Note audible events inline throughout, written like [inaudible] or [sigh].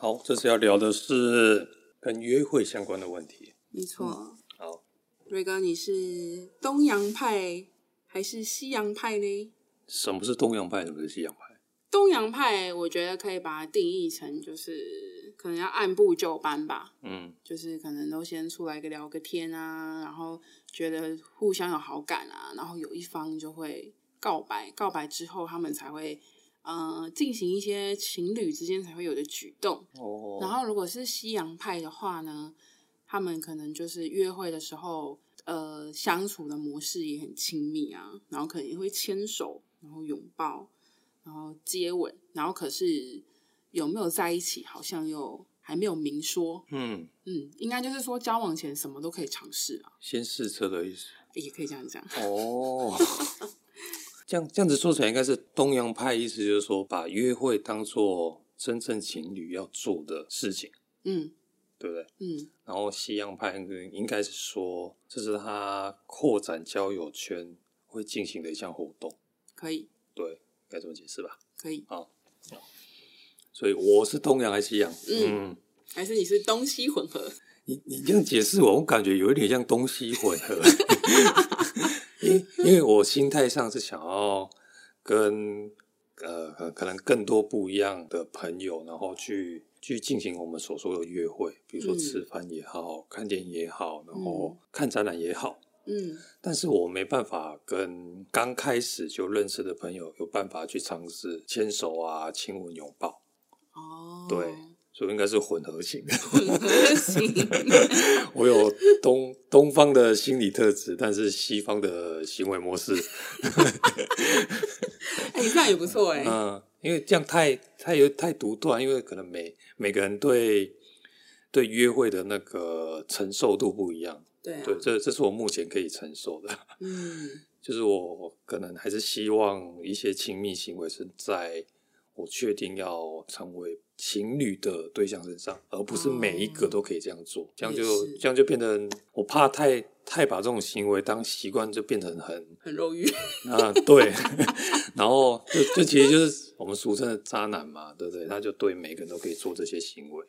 好，這次要聊的是跟約會相關的問題。沒錯。嗯，好，瑞哥，你是東洋派還是西洋派呢？什麼是東洋派？什麼是西洋派？東洋派，我覺得可以把它定義成就是可能要按部就班吧。嗯，就是可能都先出來個聊個天啊，然後覺得互相有好感啊，然後有一方就會告白，告白之後他們才會。嗯、呃，進行一些情侶之間才會有的舉動。Oh. 然後，如果是西洋派的話呢，他們可能就是約會的時候，呃，相處的模式也很親密啊。然後可能也會牽手，然後擁抱，然後接吻。然後可是有沒有在一起，好像又還沒有明說。嗯嗯，應該就是說，交往前什麼都可以嘗試啊，先試車的意思。也可以這樣講。哦、oh. [laughs] 這樣這樣子說起來，應該是東洋派，意思就是說，把約會當做真正情侶要做的事情，嗯，對不對？嗯，然後西洋派應該是說，這是他擴展交友圈會進行的一項活動，可以，對，該怎麼解釋吧？可以，好，好，所以我是東洋還是西洋？嗯，嗯，還是你是東西混合？你你這樣解釋我，我感覺有一點像東西混合。 [laughs] [laughs] 因 [laughs] 因為我心態上是想要跟呃可能更多不一樣的朋友，然後去去進行我們所說的約會，比如說吃飯也好，看電影也好，然後看展覽也好，嗯，但是我沒辦法跟剛開始就認識的朋友有辦法去嘗試牽手啊、親吻、擁抱，哦，對。所以應該是混合型。混合型 [laughs] [laughs] 我有東東方的心理特質，但是西方的行為模式 [laughs] [laughs] [laughs] 欸。你看也不錯誒嗯，因為這樣太太有太獨斷，因為可能每每個人對對約會的那個承受度不一樣。對、啊，對，這這是我目前可以承受的。嗯，就是我可能還是希望一些親密行為是在。我確定要成為情侶的對象身上，而不是每一個都可以這樣做，哦、這樣就這樣就變成我怕太太把這種行為當習慣，就變成很很容易啊，對。 [laughs] 然後這這其實就是我們俗稱的渣男嘛，對不對？他就對每個人都可以做這些行為，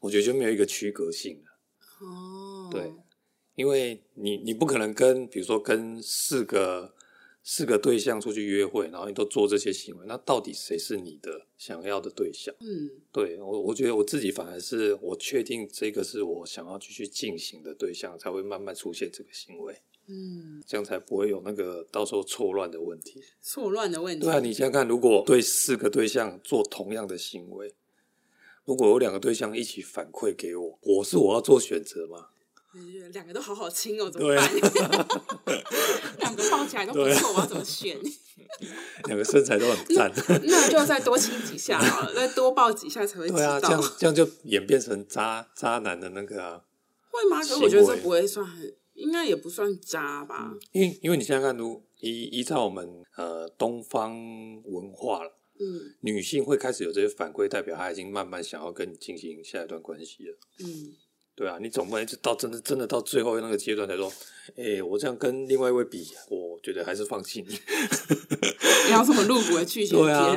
我覺得就沒有一個區隔性了。哦，對，因為你你不可能跟比如說跟四個。四個對象出去約會，然後你都做這些行為，那到底誰是你的想要的對象？嗯，對，我，我覺得我自己反而是我確定這個是我想要繼續進行的對象，才會慢慢出現這個行為。嗯，這樣才不會有那個到時候錯亂的問題。錯亂的問題。對啊，你想想看，如果對四個對象做同樣的行為，如果有兩個對象一起反饋給我，我是我要做選擇嗎？兩個都好好親哦，怎麼辦？啊、 [laughs] 兩個抱起來都不錯，啊、我要怎麼選？兩個身材都很讚。 [laughs] 那，那就要再多親幾下好了 [laughs] 再多抱幾下才會。對啊，這樣這樣就演變成渣渣男的那個啊？會嗎？所以我覺得這不會算很，應該也不算渣吧？嗯、因為因為你現在看，如依依照我們呃東方文化了，嗯，女性會開始有這些反饋，代表她已經慢慢想要跟你進行下一段關係了，嗯。對啊，你總不能一直到真的、真的到最後那個階段才說，哎、欸，我這樣跟另外一位比，我覺得還是放棄你。要什麼路，國劇去對啊，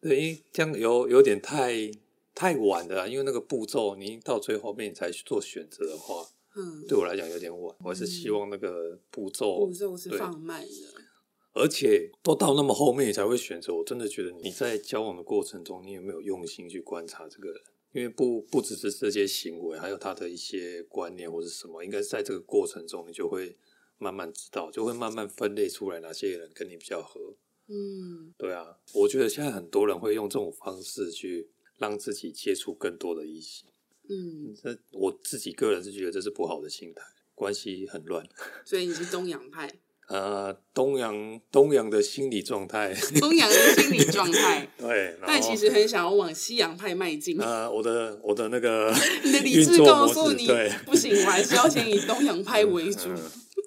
對，因為這樣有有點太太晚了，因為那個步驟你到最後面才去做選擇的話、嗯，對我來講有點晚。我還是希望那個步驟、嗯、步驟是放慢的，而且都到那麼後面你才會選擇。我真的覺得你在交往的過程中，你有沒有用心去觀察這個人？因為不不只是這些行為，還有他的一些觀念或者什麼，應該是在這個過程中，你就會慢慢知道，就會慢慢分類出來哪些人跟你比較合。嗯，對啊，我覺得現在很多人會用這種方式去讓自己接觸更多的異性。嗯，這我自己個人是覺得這是不好的心態，關係很亂。所以你是東洋派。 [laughs] 呃，東洋東洋的心理狀態，東洋的心理狀態，狀態 [laughs] 對，但其實很想要往西洋派邁進。呃，我的我的那個，你的理智告訴你，不行，我還是要先以東洋派為主。嗯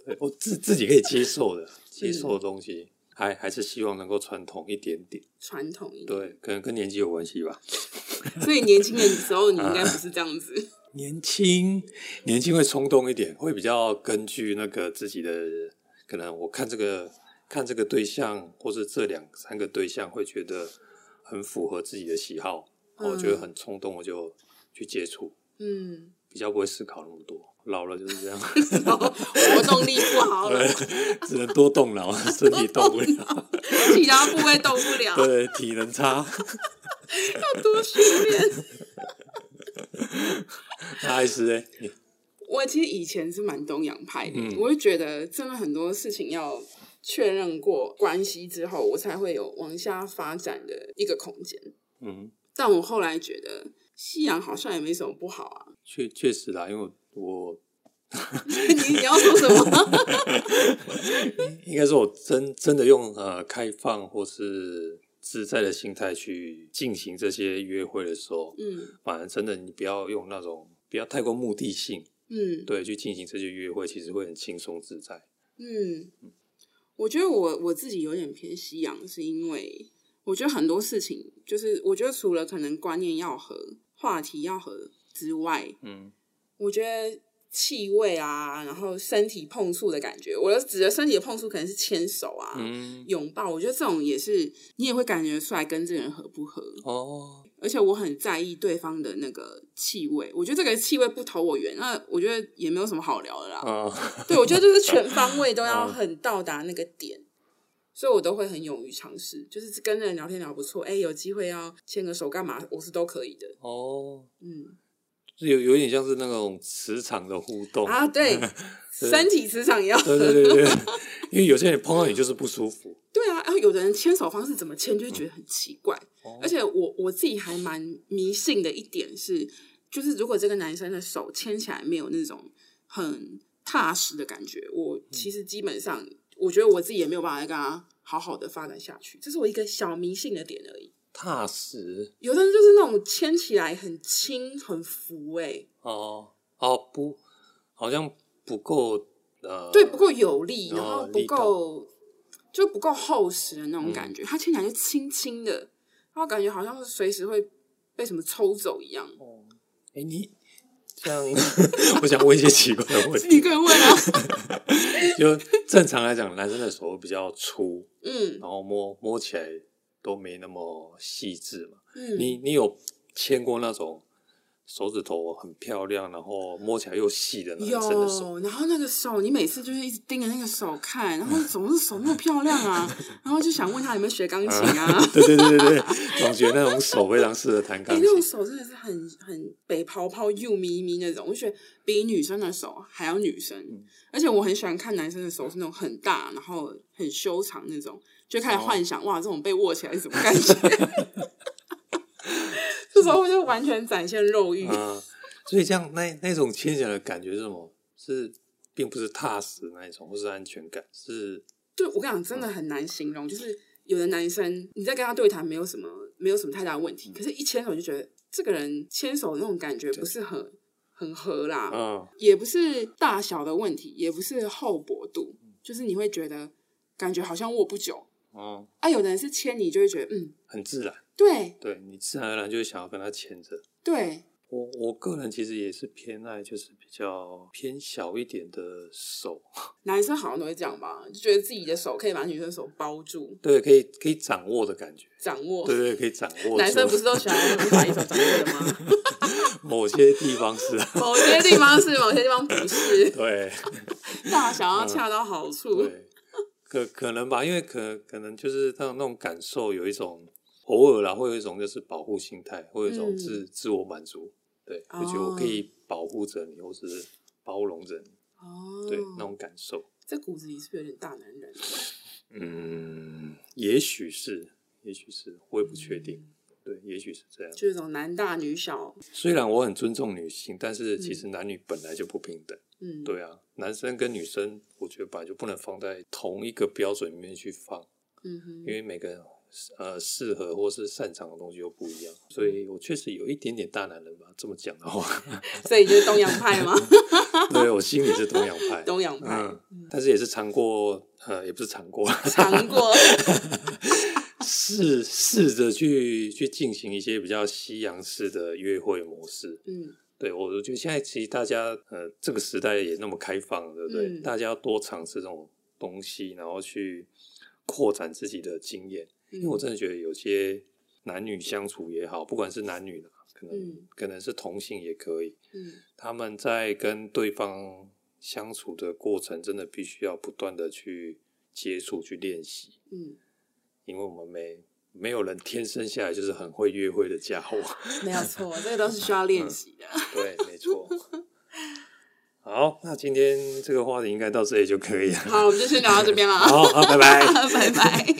嗯、我自自己可以接受的， [laughs] 接受的東西，還還是希望能夠傳統一點點，傳統。對，可能跟年紀有關係吧。 [laughs] 所以年輕的時候，你應該不是這樣子。呃、年輕年輕會衝動一點，會比較根據那個自己的。可能我看這個看這個對象，或是這兩三個對象，會覺得很符合自己的喜好，我覺得很衝動，我就去接觸。嗯，比較不會思考那麼多，老了就是這樣， [laughs] 活動力不好了，只能多動腦， [laughs] 身體動不了，其他部位動不了， [laughs] 對，體能差， [laughs] [laughs] 要多訓練。愛 [laughs] 思誒我其實以前是蠻東洋派的，嗯，我會覺得真的很多事情要確認過關係之後，我才會有往下發展的一個空間。嗯，但我後來覺得西洋好像也沒什麼不好啊。確確實啦，因為我 [laughs] [laughs] 你你要說什麼？ [laughs] 應該說，我真真的用呃開放或是自在的心態去進行這些約會的時候，嗯，反正真的你不要用那種，不要太過目的性。嗯，對，去進行這些約會，其實會很輕鬆自在。嗯，我覺得我我自己有點偏西洋，是因為我覺得很多事情，就是我覺得除了可能觀念要合、話題要合之外，嗯，我覺得氣味啊，然後身體碰觸的感覺，我指的身體的碰觸，可能是牽手啊、嗯、擁抱，我覺得這種也是，你也會感覺出來跟這個人合不合。哦。而且我很在意對方的那個氣味，我覺得這個氣味不投我緣，那我覺得也沒有什麼好聊的啦。Uh, [laughs] 對，我覺得就是全方位都要很到達那個點，uh, 所以我都會很勇於嘗試，就是跟人聊天聊不錯，哎，有機會要牽個手幹嘛，我是都可以的。哦、oh，嗯，有有點像是那種磁場的互動啊，對， [laughs] 對，身體磁場也要，對對對對， [laughs] 因為有些人碰到你就是不舒服。對啊，然後有的人牽手方式怎麼牽，就會覺得很奇怪。嗯而且我我自己還蠻迷信的一點是，就是如果這個男生的手牽起來沒有那種很踏實的感覺，我其實基本上我覺得我自己也沒有辦法跟他好好的發展下去。這是我一個小迷信的點而已。踏實，有的人就是那種牽起來很輕很浮哎、欸。哦哦，不好像不夠呃，對不夠有力，然後不夠就不夠厚實的那種感覺，他、嗯、牽起來就輕輕的。我感覺好像是隨時會被什麼抽走一樣。哦、嗯，哎、欸，你像， [laughs] 我想問一些奇怪的問題。你可以問啊！ [laughs] 就正常來講，男生的手比較粗，嗯，然後摸摸起來都沒那麼細緻嘛。嗯，你你有牽過那種？手指頭很漂亮，然後摸起來又細的男生的手，有，然後那個手你每次就是一直盯着那個手看，然後總是手那麼漂亮啊， [laughs] 然後就想問他有沒有學鋼琴啊？對 [laughs] 對對對對， [laughs] 總覺得那種手非常適合彈鋼琴。欸，那種手真的是很很北跑跑又咪咪那種，我覺得比女生的手還要女生。而且我很喜歡看男生的手是那種很大，然後很修長那種，就開始幻想哇，這種被握起來是什麼感覺？ [laughs] 時候就完全展現肉欲，所以這樣，那那種牽起來的感覺是什麼？是並不是踏實那一種，不是安全感？是，對我跟你講，真的很難形容。嗯、就是有的男生，你在跟他對談，沒有什麼沒有什麼太大的問題。嗯、可是一牽手就覺得這個人牽手的那種感覺不是很很合啦，嗯，也不是大小的問題，也不是厚薄度，就是你會覺得感覺好像握不久。嗯、啊，有的人是牽你，就會覺得嗯，很自然，對，對你自然而然就會想要跟他牽着。對我，我個人其實也是偏愛，就是比較偏小一點的手。男生好像都會這樣吧，就覺得自己的手可以把女生的手包住，對，可以可以掌握的感覺，掌握，對對，可以掌握。男生不是都喜歡無法一手掌握的嗎？ [laughs] 某，些地 [laughs] 某些地方是，某些地方是，某些地方不是，對， [laughs] 大小要恰到好處。嗯對可可能吧，因為可可能就是他那種感受有一種偶爾啦，會有一種就是保護心態，會有一種自、嗯、自我滿足，對、哦，就覺得我可以保護着你，或者是包容着你，哦，對，那種感受，在骨子裡是不是有點大男人？嗯，也許是，也許是，我也不確定、嗯，對，也許是這樣，就是種男大女小。雖然我很尊重女性，但是其實男女本來就不平等。嗯嗯、對啊，男生跟女生，我覺得吧，就不能放在同一個標準裡面去放，嗯、因為每個人呃適合或是擅長的東西又不一樣，所以我確實有一點點大男人吧，這麼講的話，所以就是東洋派嗎？ [laughs] 對，我心裡是東洋派，東洋派，嗯、但是也是嘗過，呃，也不是嘗過，嘗過，試試着去去進行一些比較西洋式的約會模式，嗯。對，我我覺得現在其實大家呃這個時代也那麼開放，對不對？嗯、大家要多嘗試這種東西，然後去擴展自己的經驗、嗯。因為我真的覺得有些男女相處也好，不管是男女呢可能、嗯、可能是同性也可以、嗯，他們在跟對方相處的過程，真的必須要不斷的去接觸、去練習，嗯，因為我們沒。沒有人天生下來就是很會約會的傢伙，沒有錯，這個都是需要練習的 [laughs] 、嗯。對，沒錯。好，那今天這個話題應該到這裡就可以了。好，我們就先聊到這邊了。好， [laughs] 好，拜拜， [laughs] 拜拜。